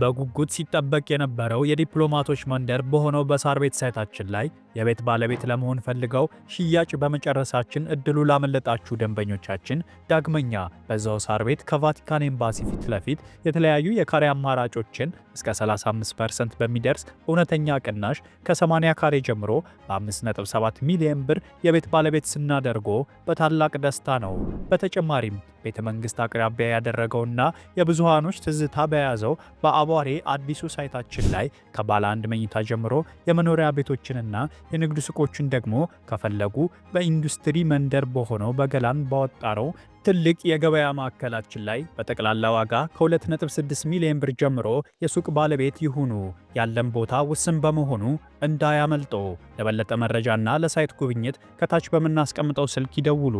በጉጉት ሲጠበቅ የነበረው የዲፕሎማቶች መንደር በሆነው በሳር ቤት ሳይታችን ላይ የቤት ባለቤት ለመሆን ፈልገው ሽያጭ በመጨረሳችን እድሉ ላመለጣችሁ ደንበኞቻችን ዳግመኛ በዛው ሳር ቤት ከቫቲካን ኤምባሲ ፊት ለፊት የተለያዩ የካሬ አማራጮችን እስከ 35% በሚደርስ እውነተኛ ቅናሽ ከ80 ካሬ ጀምሮ በ5.7 ሚሊዮን ብር የቤት ባለቤት ስናደርጎ በታላቅ ደስታ ነው። በተጨማሪም ቤተ መንግስት አቅራቢያ ያደረገውና የብዙሃኖች ትዝታ በያዘው በአቧሬ አዲሱ ሳይታችን ላይ ከባለ አንድ መኝታ ጀምሮ የመኖሪያ ቤቶችንና የንግድ ሱቆችን ደግሞ ከፈለጉ በኢንዱስትሪ መንደር በሆነው በገላን ባወጣነው ትልቅ የገበያ ማዕከላችን ላይ በጠቅላላ ዋጋ ከ2.6 ሚሊዮን ብር ጀምሮ የሱቅ ባለቤት ይሁኑ። ያለን ቦታ ውስን በመሆኑ እንዳያመልጦ። ለበለጠ መረጃና ለሳይት ጉብኝት ከታች በምናስቀምጠው ስልክ ይደውሉ።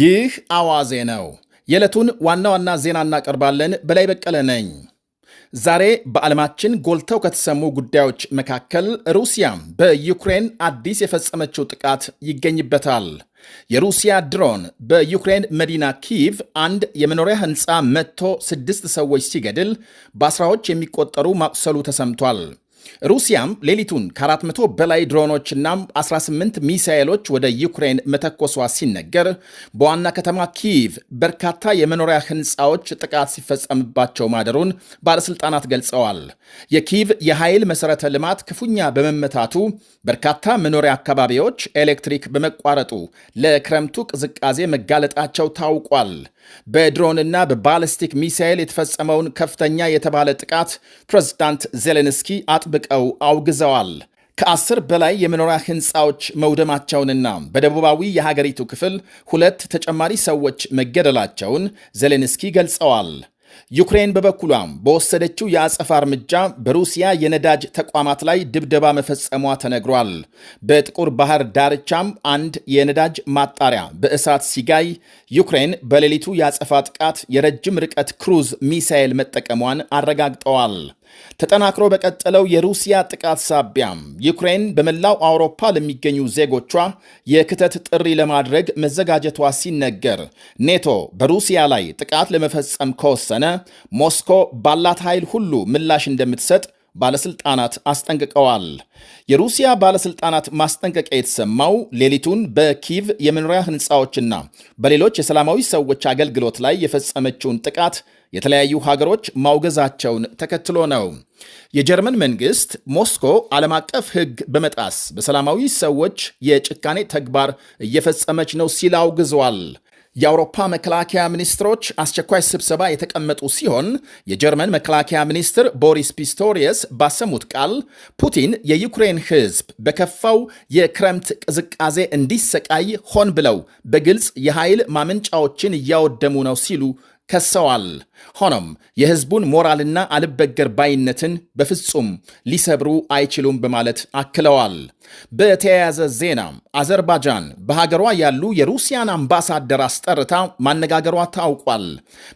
ይህ አዋዜ ነው። የዕለቱን ዋና ዋና ዜና እናቀርባለን። በላይ በቀለ ነኝ። ዛሬ በዓለማችን ጎልተው ከተሰሙ ጉዳዮች መካከል ሩሲያ በዩክሬን አዲስ የፈጸመችው ጥቃት ይገኝበታል። የሩሲያ ድሮን በዩክሬን መዲና ኪቭ አንድ የመኖሪያ ሕንፃ መጥቶ ስድስት ሰዎች ሲገድል በአስራዎች የሚቆጠሩ ማቁሰሉ ተሰምቷል። ሩሲያም ሌሊቱን ከ400 በላይ ድሮኖችና 18 ሚሳኤሎች ወደ ዩክሬን መተኮሷ ሲነገር በዋና ከተማ ኪቭ በርካታ የመኖሪያ ሕንፃዎች ጥቃት ሲፈጸምባቸው ማደሩን ባለሥልጣናት ገልጸዋል። የኪቭ የኃይል መሠረተ ልማት ክፉኛ በመመታቱ በርካታ መኖሪያ አካባቢዎች ኤሌክትሪክ በመቋረጡ ለክረምቱ ቅዝቃዜ መጋለጣቸው ታውቋል። በድሮንና በባለስቲክ ሚሳኤል የተፈጸመውን ከፍተኛ የተባለ ጥቃት ፕሬዝዳንት ዜሌንስኪ አጥ ጠብቀው አውግዘዋል። ከአስር በላይ የመኖሪያ ህንፃዎች መውደማቸውንና በደቡባዊ የሀገሪቱ ክፍል ሁለት ተጨማሪ ሰዎች መገደላቸውን ዜሌንስኪ ገልጸዋል። ዩክሬን በበኩሏም በወሰደችው የአጸፋ እርምጃ በሩሲያ የነዳጅ ተቋማት ላይ ድብደባ መፈጸሟ ተነግሯል። በጥቁር ባህር ዳርቻም አንድ የነዳጅ ማጣሪያ በእሳት ሲጋይ ዩክሬን በሌሊቱ የአጸፋ ጥቃት የረጅም ርቀት ክሩዝ ሚሳኤል መጠቀሟን አረጋግጠዋል። ተጠናክሮ በቀጠለው የሩሲያ ጥቃት ሳቢያ ዩክሬን በመላው አውሮፓ ለሚገኙ ዜጎቿ የክተት ጥሪ ለማድረግ መዘጋጀቷ ሲነገር ኔቶ በሩሲያ ላይ ጥቃት ለመፈጸም ከወሰነ ከሆነ ሞስኮ ባላት ኃይል ሁሉ ምላሽ እንደምትሰጥ ባለስልጣናት አስጠንቅቀዋል። የሩሲያ ባለስልጣናት ማስጠንቀቂያ የተሰማው ሌሊቱን በኪቭ የመኖሪያ ህንፃዎችና በሌሎች የሰላማዊ ሰዎች አገልግሎት ላይ የፈጸመችውን ጥቃት የተለያዩ ሀገሮች ማውገዛቸውን ተከትሎ ነው። የጀርመን መንግስት ሞስኮ ዓለም አቀፍ ሕግ በመጣስ በሰላማዊ ሰዎች የጭካኔ ተግባር እየፈጸመች ነው ሲል አውግዟል። የአውሮፓ መከላከያ ሚኒስትሮች አስቸኳይ ስብሰባ የተቀመጡ ሲሆን የጀርመን መከላከያ ሚኒስትር ቦሪስ ፒስቶሪየስ ባሰሙት ቃል ፑቲን የዩክሬን ሕዝብ በከፋው የክረምት ቅዝቃዜ እንዲሰቃይ ሆን ብለው በግልጽ የኃይል ማመንጫዎችን እያወደሙ ነው ሲሉ ከሰዋል። ሆኖም የህዝቡን ሞራልና አልበገር ባይነትን በፍጹም ሊሰብሩ አይችሉም በማለት አክለዋል። በተያያዘ ዜና አዘርባጃን በሀገሯ ያሉ የሩሲያን አምባሳደር አስጠርታ ማነጋገሯ ታውቋል።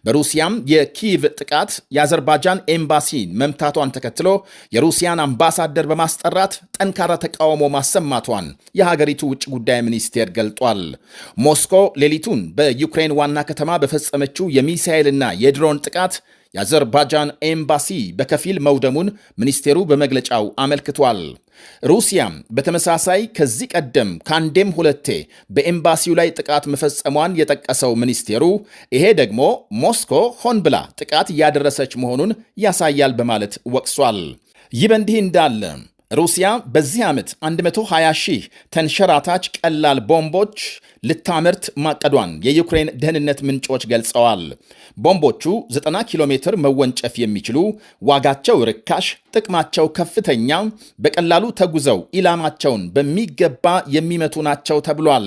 በሩሲያም የኪቭ ጥቃት የአዘርባጃን ኤምባሲ መምታቷን ተከትሎ የሩሲያን አምባሳደር በማስጠራት ጠንካራ ተቃውሞ ማሰማቷን የሀገሪቱ ውጭ ጉዳይ ሚኒስቴር ገልጧል። ሞስኮ ሌሊቱን በዩክሬን ዋና ከተማ በፈጸመችው የሚሳኤልና የድሮ በድሮን ጥቃት የአዘርባጃን ኤምባሲ በከፊል መውደሙን ሚኒስቴሩ በመግለጫው አመልክቷል። ሩሲያም በተመሳሳይ ከዚህ ቀደም ከአንዴም ሁለቴ በኤምባሲው ላይ ጥቃት መፈጸሟን የጠቀሰው ሚኒስቴሩ ይሄ ደግሞ ሞስኮ ሆን ብላ ጥቃት እያደረሰች መሆኑን ያሳያል በማለት ወቅሷል። ይህ በእንዲህ እንዳለ ሩሲያ በዚህ ዓመት 120 ሺህ ተንሸራታች ቀላል ቦምቦች ልታመርት ማቀዷን የዩክሬን ደህንነት ምንጮች ገልጸዋል። ቦምቦቹ 90 ኪሎ ሜትር መወንጨፍ የሚችሉ ዋጋቸው ርካሽ፣ ጥቅማቸው ከፍተኛ፣ በቀላሉ ተጉዘው ኢላማቸውን በሚገባ የሚመቱ ናቸው ተብሏል።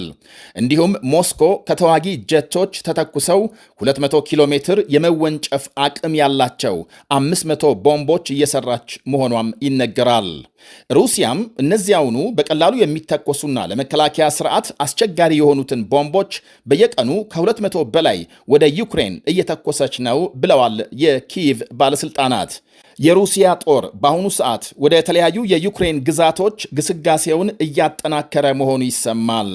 እንዲሁም ሞስኮ ከተዋጊ ጀቶች ተተኩሰው 200 ኪሎ ሜትር የመወንጨፍ አቅም ያላቸው 500 ቦምቦች እየሰራች መሆኗም ይነገራል። ሩሲያም እነዚያውኑ በቀላሉ የሚተኮሱና ለመከላከያ ስርዓት አስቸጋሪ የሆኑ የሆኑትን ቦምቦች በየቀኑ ከ200 በላይ ወደ ዩክሬን እየተኮሰች ነው ብለዋል የኪየቭ ባለሥልጣናት። የሩሲያ ጦር በአሁኑ ሰዓት ወደ የተለያዩ የዩክሬን ግዛቶች ግስጋሴውን እያጠናከረ መሆኑ ይሰማል።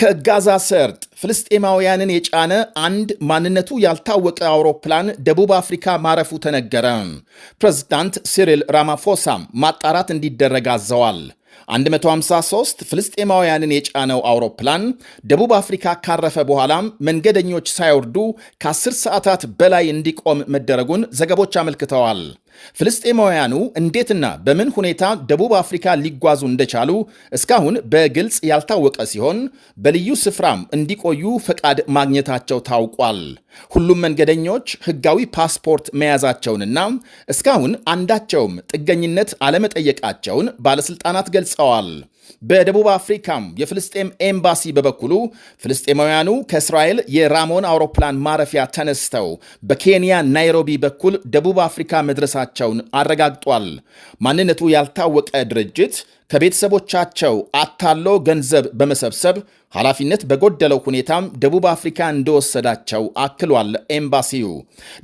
ከጋዛ ሰርጥ ፍልስጤማውያንን የጫነ አንድ ማንነቱ ያልታወቀ አውሮፕላን ደቡብ አፍሪካ ማረፉ ተነገረ። ፕሬዝዳንት ሲሪል ራማፎሳም ማጣራት እንዲደረግ አዘዋል። 153 ፍልስጤማውያንን የጫነው አውሮፕላን ደቡብ አፍሪካ ካረፈ በኋላም መንገደኞች ሳይወርዱ ከ10 ሰዓታት በላይ እንዲቆም መደረጉን ዘገቦች አመልክተዋል። ፍልስጤማውያኑ እንዴትና በምን ሁኔታ ደቡብ አፍሪካ ሊጓዙ እንደቻሉ እስካሁን በግልጽ ያልታወቀ ሲሆን በልዩ ስፍራም እንዲቆዩ ፈቃድ ማግኘታቸው ታውቋል። ሁሉም መንገደኞች ሕጋዊ ፓስፖርት መያዛቸውንና እስካሁን አንዳቸውም ጥገኝነት አለመጠየቃቸውን ባለሥልጣናት ገልጸዋል። በደቡብ አፍሪካም የፍልስጤም ኤምባሲ በበኩሉ ፍልስጤማውያኑ ከእስራኤል የራሞን አውሮፕላን ማረፊያ ተነስተው በኬንያ ናይሮቢ በኩል ደቡብ አፍሪካ መድረሳቸውን አረጋግጧል። ማንነቱ ያልታወቀ ድርጅት ከቤተሰቦቻቸው አታሎ ገንዘብ በመሰብሰብ ኃላፊነት በጎደለው ሁኔታም ደቡብ አፍሪካ እንደወሰዳቸው አክሏል። ኤምባሲው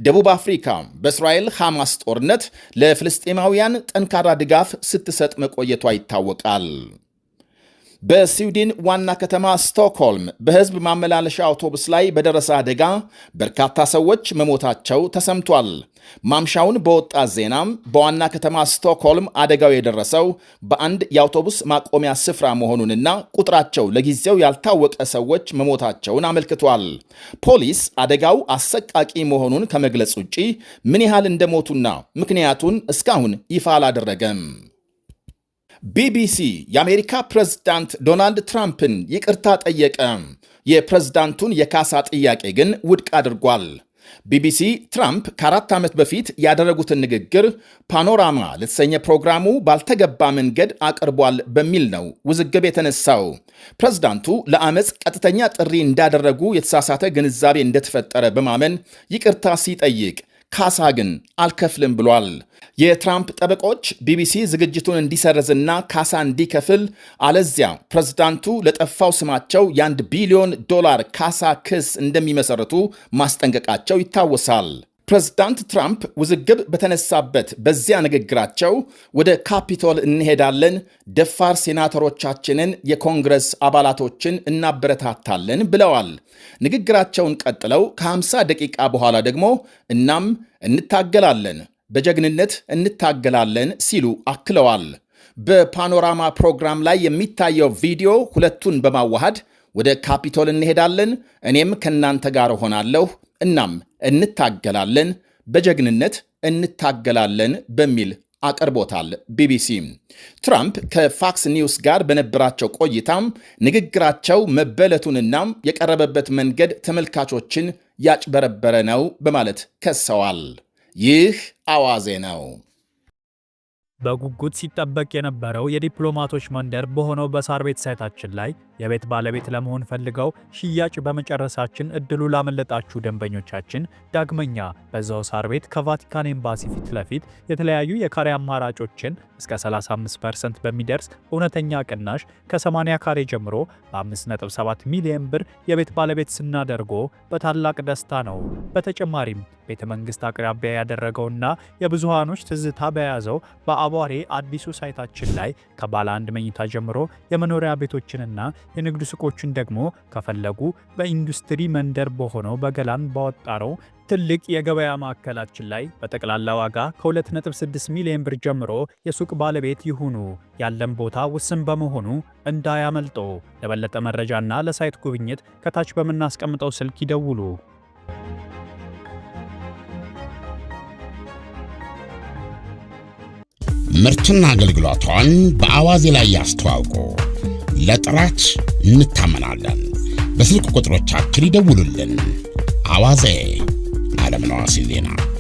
ደቡብ አፍሪካ በእስራኤል ሐማስ ጦርነት ለፍልስጤማውያን ጠንካራ ድጋፍ ስትሰጥ መቆየቷ ይታወቃል። በስዊድን ዋና ከተማ ስቶክሆልም በህዝብ ማመላለሻ አውቶቡስ ላይ በደረሰ አደጋ በርካታ ሰዎች መሞታቸው ተሰምቷል። ማምሻውን በወጣ ዜናም በዋና ከተማ ስቶክሆልም አደጋው የደረሰው በአንድ የአውቶቡስ ማቆሚያ ስፍራ መሆኑንና ቁጥራቸው ለጊዜው ያልታወቀ ሰዎች መሞታቸውን አመልክቷል። ፖሊስ አደጋው አሰቃቂ መሆኑን ከመግለጽ ውጪ ምን ያህል እንደሞቱና ምክንያቱን እስካሁን ይፋ አላደረገም። ቢቢሲ የአሜሪካ ፕሬዝዳንት ዶናልድ ትራምፕን ይቅርታ ጠየቀ። የፕሬዝዳንቱን የካሳ ጥያቄ ግን ውድቅ አድርጓል። ቢቢሲ ትራምፕ ከአራት ዓመት በፊት ያደረጉትን ንግግር ፓኖራማ ለተሰኘ ፕሮግራሙ ባልተገባ መንገድ አቅርቧል በሚል ነው ውዝግብ የተነሳው። ፕሬዝዳንቱ ለአመፅ ቀጥተኛ ጥሪ እንዳደረጉ የተሳሳተ ግንዛቤ እንደተፈጠረ በማመን ይቅርታ ሲጠይቅ ካሳ ግን አልከፍልም ብሏል። የትራምፕ ጠበቆች ቢቢሲ ዝግጅቱን እንዲሰርዝና ካሳ እንዲከፍል አለዚያ ፕሬዝዳንቱ ለጠፋው ስማቸው የአንድ ቢሊዮን ዶላር ካሳ ክስ እንደሚመሰርቱ ማስጠንቀቃቸው ይታወሳል። ፕሬዝዳንት ትራምፕ ውዝግብ በተነሳበት በዚያ ንግግራቸው ወደ ካፒቶል እንሄዳለን፣ ደፋር ሴናተሮቻችንን፣ የኮንግረስ አባላቶችን እናበረታታለን ብለዋል። ንግግራቸውን ቀጥለው ከ50 ደቂቃ በኋላ ደግሞ እናም እንታገላለን፣ በጀግንነት እንታገላለን ሲሉ አክለዋል። በፓኖራማ ፕሮግራም ላይ የሚታየው ቪዲዮ ሁለቱን በማዋሃድ ወደ ካፒቶል እንሄዳለን፣ እኔም ከእናንተ ጋር እሆናለሁ እናም እንታገላለን፣ በጀግንነት እንታገላለን በሚል አቅርቦታል ቢቢሲ። ትራምፕ ከፋክስ ኒውስ ጋር በነበራቸው ቆይታም ንግግራቸው መበለቱንና የቀረበበት መንገድ ተመልካቾችን ያጭበረበረ ነው በማለት ከሰዋል። ይህ አዋዜ ነው። በጉጉት ሲጠበቅ የነበረው የዲፕሎማቶች መንደር በሆነው በሳር ቤት ሳይታችን ላይ የቤት ባለቤት ለመሆን ፈልገው ሽያጭ በመጨረሳችን እድሉ ላመለጣችሁ ደንበኞቻችን ዳግመኛ በዛው ሳር ቤት ከቫቲካን ኤምባሲ ፊት ለፊት የተለያዩ የካሬ አማራጮችን እስከ 35% በሚደርስ እውነተኛ ቅናሽ ከ80 ካሬ ጀምሮ በ5.7 ሚሊዮን ብር የቤት ባለቤት ስናደርጎ በታላቅ ደስታ ነው። በተጨማሪም ቤተ መንግስት አቅራቢያ ያደረገውና የብዙሃኖች ትዝታ በያዘው በአቧሬ አዲሱ ሳይታችን ላይ ከባለ አንድ መኝታ ጀምሮ የመኖሪያ ቤቶችንና የንግድ ሱቆችን ደግሞ ከፈለጉ በኢንዱስትሪ መንደር በሆነው በገላን ባወጣረው ትልቅ የገበያ ማዕከላችን ላይ በጠቅላላ ዋጋ ከ2.6 ሚሊዮን ብር ጀምሮ የሱቅ ባለቤት ይሁኑ። ያለን ቦታ ውስን በመሆኑ እንዳያመልጦ። ለበለጠ መረጃና ለሳይት ጉብኝት ከታች በምናስቀምጠው ስልክ ይደውሉ። ምርትና አገልግሎቷን በአዋዜ ላይ ያስተዋውቁ። ለጥራች እንታመናለን። በስልክ ቁጥሮቻችን ይደውሉልን። አዋዜ ዓለምነህ ዋሴ ዜና